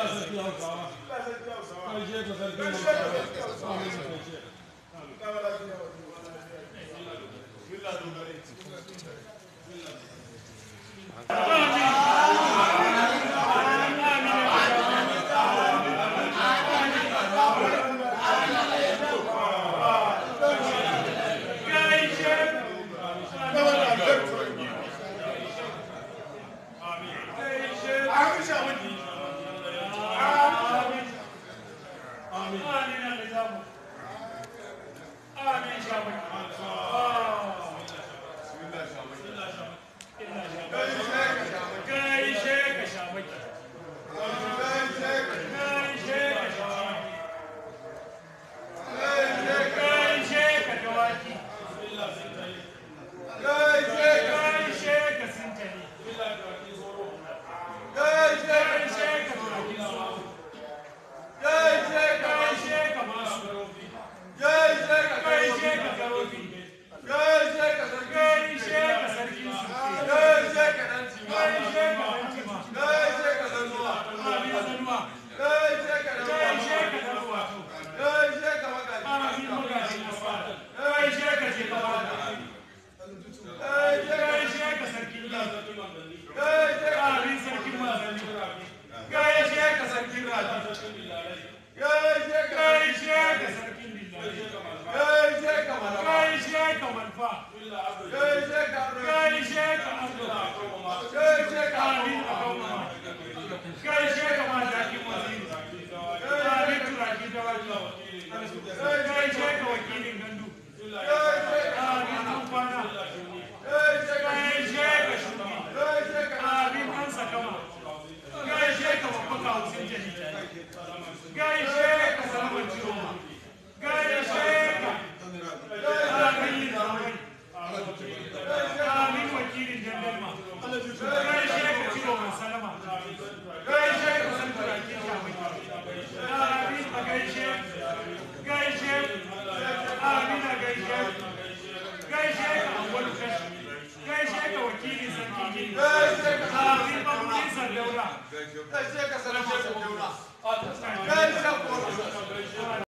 Ben a Dios, ahora. Gracias a Dios, ahora. Gracias a Dios, ahora. guys Beşe korona. Beşe korona.